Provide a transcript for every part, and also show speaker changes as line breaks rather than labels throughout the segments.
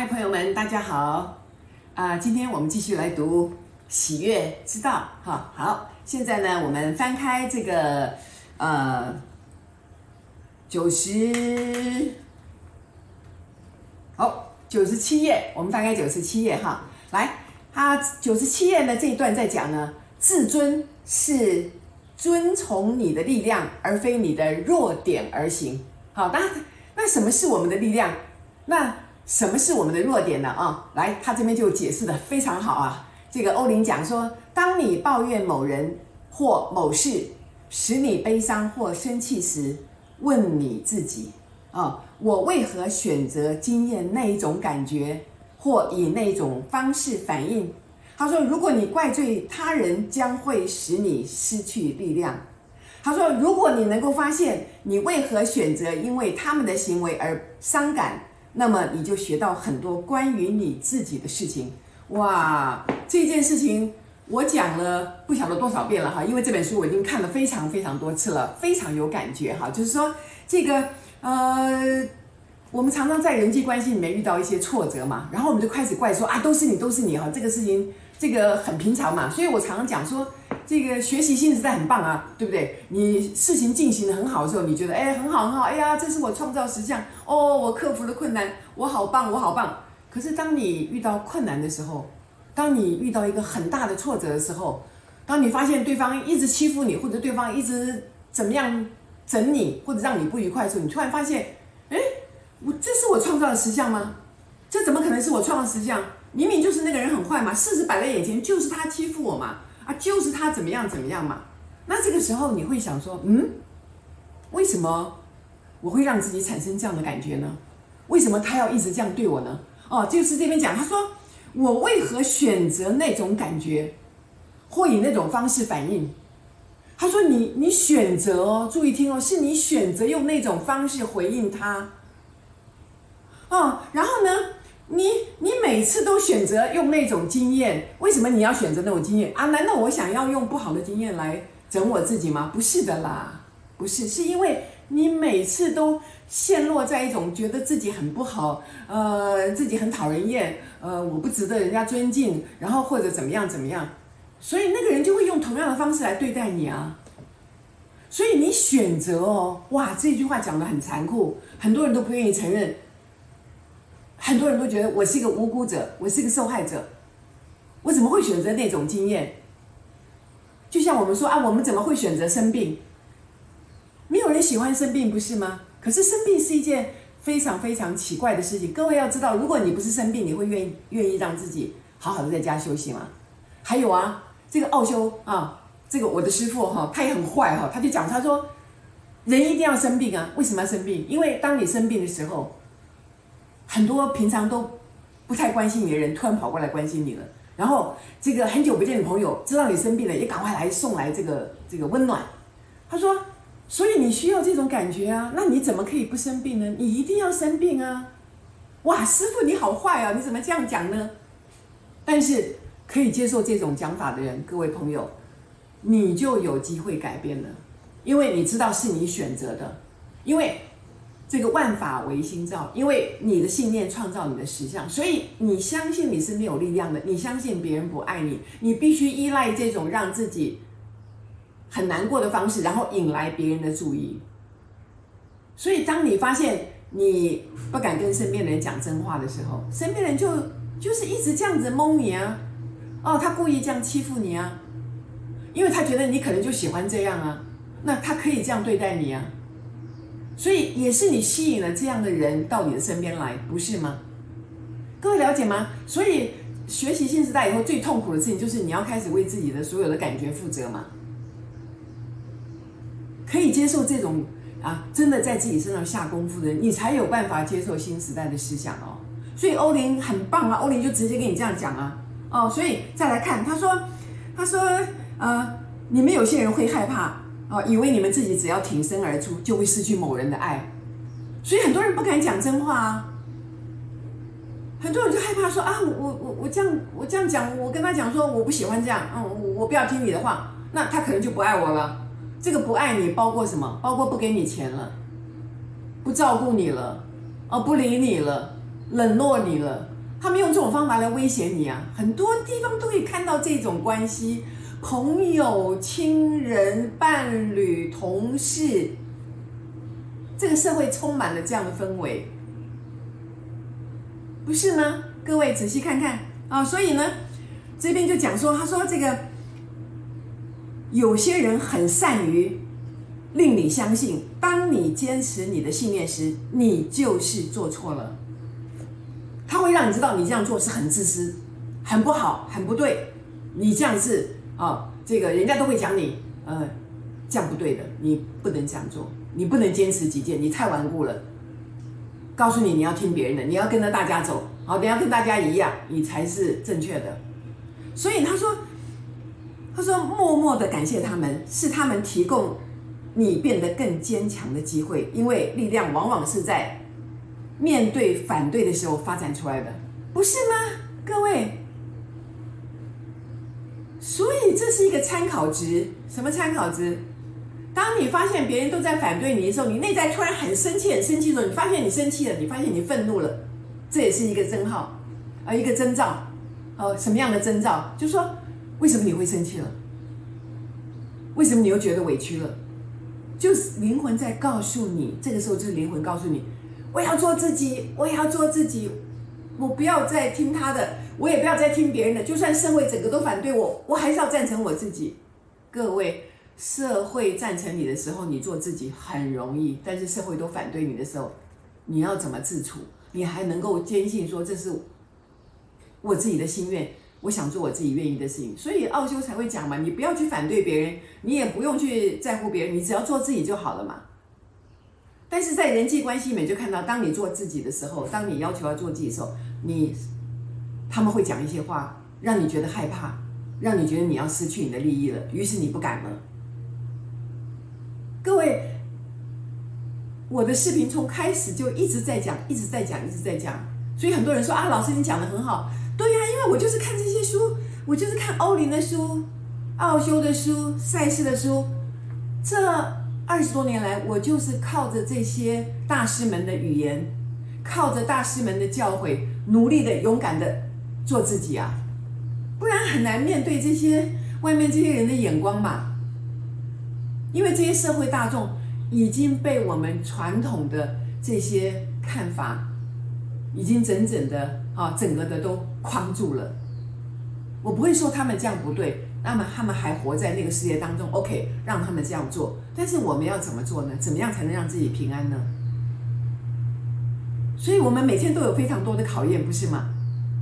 嗨，朋友們，大家好！啊、呃，今天我們繼續來讀《喜悅之道》哈。好，現在呢，我們翻開這個呃九十好九十七頁，我們翻開九十七頁哈。來，它九十七頁呢，這一段在講呢，自尊是遵從你的力量，而非你的弱點而行。好的，那什麼是我們的力量？那什麼是我們的弱點呢？啊、哦，來，他這邊就解釋得非常好啊。這個歐林講說，當你抱怨某人或某事使你悲傷或生氣時，問你自己啊、哦，我為何選擇經驗那一種感覺或以那種方式反應？他說，如果你怪罪他人，將會使你失去力量。他說，如果你能夠發現你為何選擇因為他們的行為而傷感。那麼你就學到很多關於你自己的事情，哇！這件事情我講了不曉得多少遍了哈，因為這本書我已經看了非常非常多次了，非常有感覺哈。就是說，這個呃，我們常常在人際關係裡面遇到一些挫折嘛，然後我們就開始怪說啊，都是你，都是你哈，這個事情這個很平常嘛。所以我常常講說。這個學習新時代很棒啊，對不對？你事情進行的很好的時候，你覺得哎很好很好，哎呀，這是我創造的實相哦，我克服了困難，我好棒，我好棒。可是當你遇到困難的時候，當你遇到一個很大的挫折的時候，當你發現對方一直欺負你，或者對方一直怎麼樣整你，或者讓你不愉快的時候，你突然發現，哎，我這是我創造的實相嗎？這怎麼可能是我創造的實相？明明就是那個人很壞嘛，事實擺在眼前，就是他欺負我嘛。啊，就是他怎麼樣怎麼樣嘛，那這個時候你會想說，嗯，為什麼我會讓自己產生這樣的感覺呢？為什麼他要一直這樣對我呢？哦，就是這邊講，他說我為何選擇那種感覺，或以那種方式反應？他說你你選擇哦，注意聽哦，是你選擇用那種方式回應他，哦，然後呢？你你每次都選擇用那種經驗，為什麼你要選擇那種經驗啊？難道我想要用不好的經驗來整我自己嗎？不是的啦，不是，是因為你每次都陷落在一種覺得自己很不好，呃，自己很討人厭，呃，我不值得人家尊敬，然後或者怎麼樣怎麼樣，所以那個人就會用同樣的方式來對待你啊。所以你選擇哦，哇，這句話講得很殘酷，很多人都不願意承認。很多人都覺得我是一個無辜者，我是一個受害者，我怎麼會選擇那種經驗？就像我們說啊，我們怎麼會選擇生病？沒有人喜歡生病，不是嗎？可是生病是一件非常非常奇怪的事情。各位要知道，如果你不是生病，你會願意願意讓自己好好的在家休息嗎？還有啊，這個奧修啊，這個我的師父，哈，他也很壞哈，他就講他說，人一定要生病啊，為什麼要生病？因為當你生病的時候。很多平常都不太關心你的人，突然跑過來關心你了。然後這個很久不見的朋友知道你生病了，也趕快來送來這個這個溫暖。他說：“所以你需要這種感覺啊，那你怎麼可以不生病呢？你一定要生病啊！”哇，師父你好壞啊！你怎麼這樣講呢？但是可以接受這種講法的人，各位朋友，你就有機會改變了，因為你知道是你選擇的，因為。這個萬法唯心造，因為你的信念創造你的實相，所以你相信你是沒有力量的，你相信別人不愛你，你必須依賴這種讓自己很難過的方式，然後引來別人的注意。所以，當你發現你不敢跟身邊人講真話的時候，身邊人就就是一直這樣子蒙你啊，哦，他故意這樣欺負你啊，因為他覺得你可能就喜歡這樣啊，那他可以這樣對待你啊。所以也是你吸引了這樣的人到你的身邊來，不是嗎？各位了解嗎？所以學習新時代以後，最痛苦的事情就是你要開始為自己的所有的感覺負責嘛。可以接受這種啊，真的在自己身上下功夫的人，你才有辦法接受新時代的思想哦。所以歐林很棒啊，歐林就直接跟你這樣講啊。哦，所以再來看，他說，他說，呃，你們有些人會害怕。哦，以為你們自己只要挺身而出，就會失去某人的愛，所以很多人不敢講真話啊。很多人就害怕說啊，我我我這樣，我這樣講，我跟他講說我不喜歡這樣，嗯，我我不要聽你的話，那他可能就不愛我了。這個不愛你，包括什麼？包括不給你錢了，不照顧你了，哦，不理你了，冷落你了。他們用這種方法來威脅你啊。很多地方都可以看到這種關係。朋友、親人、伴侶、同事，這個社會充滿了這樣的氛圍，不是嗎？各位仔細看看啊、哦！所以呢，這邊就講說，他說這個有些人很善於令你相信，當你堅持你的信念時，你就是做錯了。他會讓你知道，你這樣做是很自私、很不好、很不對，你這樣是。哦，這個人家都會講你，呃，這樣不對的，你不能這樣做，你不能堅持己見，你太頑固了。告訴你，你要聽別人的，你要跟着大家走，好、哦，你要跟大家一樣，你才是正確的。所以他說，他說默默的感謝他們是他們提供你變得更堅強的機會，因為力量往往是在面對反對的時候發展出來的，不是嗎，各位？所以這是一個參考值，什麼參考值？當你發現別人都在反對你的時候，你內在突然很生氣、很生氣的時候，你發現你生氣了，你發現你憤怒了，這也是一個徵號，啊，一個徵兆，哦，什麼樣的徵兆？就是說，為什麼你會生氣了？為什麼你又覺得委屈了？就是靈魂在告訴你，這個時候就是靈魂告訴你，我要做自己，我要做自己。我不要再聽他的，我也不要再聽別人的。就算社會整個都反對我，我還是要贊成我自己。各位，社會贊成你的時候，你做自己很容易；但是社會都反對你的時候，你要怎麼自處？你還能夠堅信說，這是我自己的心願，我想做我自己願意的事情。所以奧修才會講嘛，你不要去反對別人，你也不用去在乎別人，你只要做自己就好了嘛。但是在人際關係裡面，就看到當你做自己的時候，當你要求要做自己的時候。你他們會講一些話，讓你覺得害怕，讓你覺得你要失去你的利益了，於是你不敢了。各位，我的視頻從開始就一直在講，一直在講，一直在講，所以很多人說啊，老師你講得很好。對呀，啊，因為我就是看這些書，我就是看歐林的書、奧修的書、賽斯的書。這二十多年來，我就是靠着這些大師們的語言，靠着大師們的教誨。努力的、勇敢的做自己啊，不然很難面對這些外面這些人的眼光嘛。因為這些社會大眾已經被我們傳統的這些看法已經整整的啊，整個的都框住了。我不會說他們這樣不對，那麼他們還活在那個世界當中。OK，讓他們這樣做，但是我們要怎麼做呢？怎麼樣才能讓自己平安呢？所以我們每天都有非常多的考驗，不是嗎？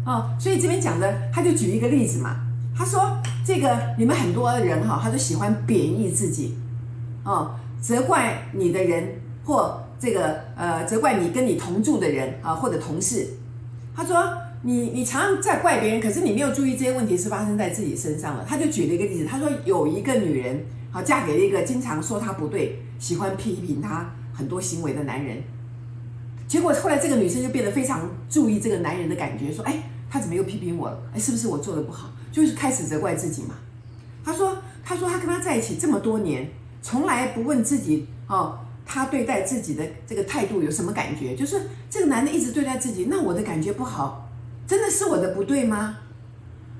哦，所以這邊講的，他就舉一個例子嘛。他說：“這個你們很多人哈、哦，他就喜歡貶抑自己，哦，責怪你的人或這個呃責怪你跟你同住的人啊或者同事。”他說：“你你常常在怪別人，可是你沒有注意這些問題是發生在自己身上的。”他就舉了一個例子，他說：“有一個女人，好、哦、嫁給了一個經常說她不對、喜歡批評她很多行為的男人。”結果後來，這個女生就變得非常注意這個男人的感覺，說：“哎，他怎麼又批評我了？哎，是不是我做的不好？就是開始責怪自己嘛。”她說：“她說她跟他在一起這麼多年，從來不問自己哦，他對待自己的這個態度有什麼感覺？就是這個男的一直對待自己，那我的感覺不好，真的是我的不對嗎？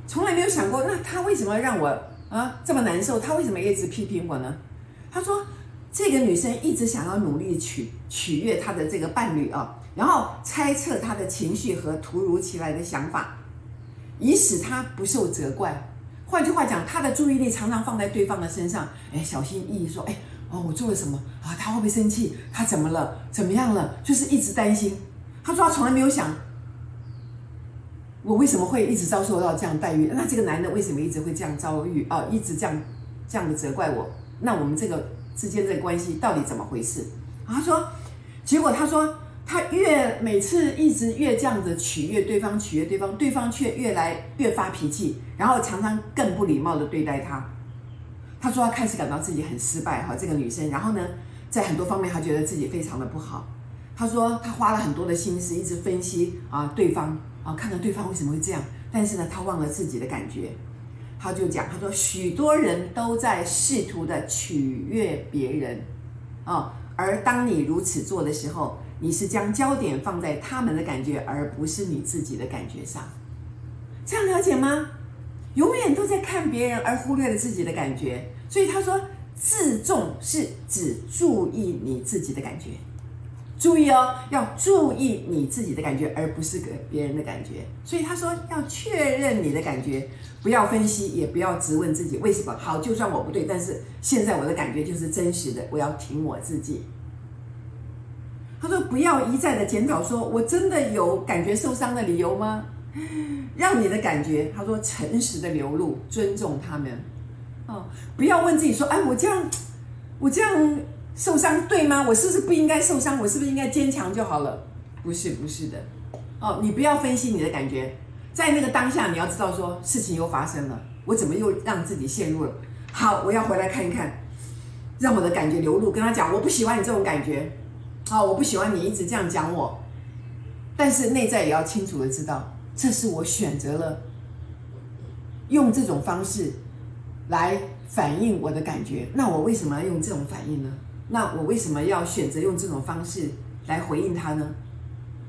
從來沒有想過，那他為什麼讓我啊這麼難受？他為什麼一直批評我呢？”她說。這個女生一直想要努力取取悅她的這個伴侶啊，然後猜測她的情緒和突如其來的想法，以使她不受責怪。換句話講，她的注意力常常放在對方的身上，哎，小心翼翼說：“哎哦，我做了什麼啊？她會不會生氣？她怎麼了？怎麼樣了？”就是一直擔心。她說：“她從來沒有想我為什麼會一直遭受到這樣待遇？那這個男的為什麼一直會這樣遭遇？哦、啊，一直這樣這樣的責怪我？那我們這個？”之間的關係到底怎麼回事？他說，結果他說他越每次一直越這樣子取悅對方，取悅對方，對方卻越來越發脾氣，然後常常更不禮貌的對待他。他說他開始感到自己很失敗，哈，這個女生。然後呢，在很多方面他覺得自己非常的不好。他說他花了很多的心思，一直分析啊對方啊，看到對方為什麼會這樣。但是呢，他忘了自己的感覺。他就講，他說許多人都在試圖的取悅別人，哦，而當你如此做的時候，你是將焦點放在他們的感覺，而不是你自己的感覺上。這樣了解嗎？永遠都在看別人，而忽略了自己的感覺。所以他說，自重是指注意你自己的感覺。注意哦，要注意你自己的感覺，而不是給別人的感覺。所以他說要確認你的感覺，不要分析，也不要質問自己為什麼，好。就算我不對，但是現在我的感覺就是真實的，我要挺我自己。他說不要一再的檢討，說我真的有感覺受傷的理由嗎？讓你的感覺，他說誠實的流露，尊重他們。哦，不要問自己說，哎，我這樣，我這樣。受傷對嗎？我是不是不應該受傷？我是不是應該堅強就好了？不是，不是的。哦，你不要分析你的感覺，在那個當下你要知道說事情又發生了，我怎麼又讓自己陷入了？好，我要回來看一看，讓我的感覺流露，跟他講我不喜歡你這種感覺。啊、哦，我不喜歡你一直這樣講我，但是內在也要清楚的知道，這是我選擇了用這種方式來反映我的感覺。那我為什麼要用這種反應呢？那我為什麼要選擇用這種方式來回應他呢？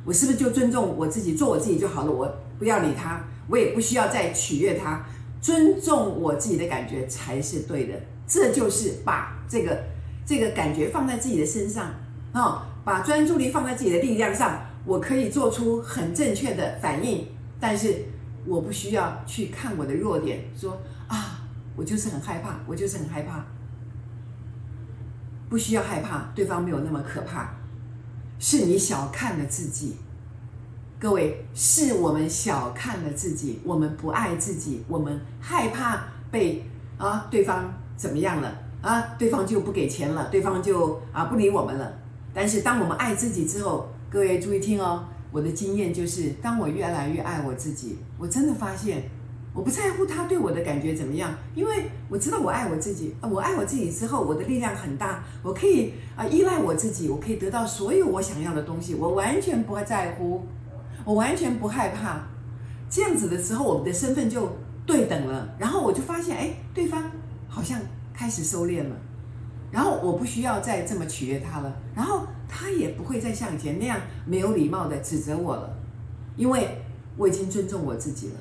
我是不是就尊重我自己，做我自己就好了？我不要理他，我也不需要再取悅他。尊重我自己的感覺才是對的。這就是把這個這個感覺放在自己的身上啊，哦，把專注力放在自己的力量上。我可以做出很正確的反應，但是我不需要去看我的弱點，說啊，我就是很害怕，我就是很害怕。不需要害怕，對方沒有那麼可怕，是你小看了自己。各位，是我們小看了自己，我們不愛自己，我們害怕被啊對方怎麼樣了啊？對方就不給錢了，對方就啊不理我們了。但是當我們愛自己之後，各位注意聽哦，我的經驗就是，當我越來越愛我自己，我真的發現。我不在乎他對我的感覺怎麼樣，因為我知道我愛我自己。我愛我自己之後，我的力量很大，我可以啊依賴我自己，我可以得到所有我想要的東西。我完全不在乎，我完全不害怕。這樣子的時候，我們的身份就對等了。然後我就發現，哎，對方好像開始收斂了。然後我不需要再這麼取悅他了。然後他也不會再像以前那樣沒有禮貌的指責我了，因為我已經尊重我自己了。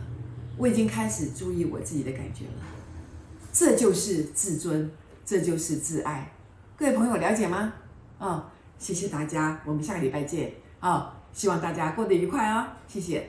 我已經開始注意我自己的感覺了，這就是自尊，這就是自愛。各位朋友，了解嗎？啊，謝謝大家，我們下個禮拜見。啊，希望大家過得愉快啊，謝謝。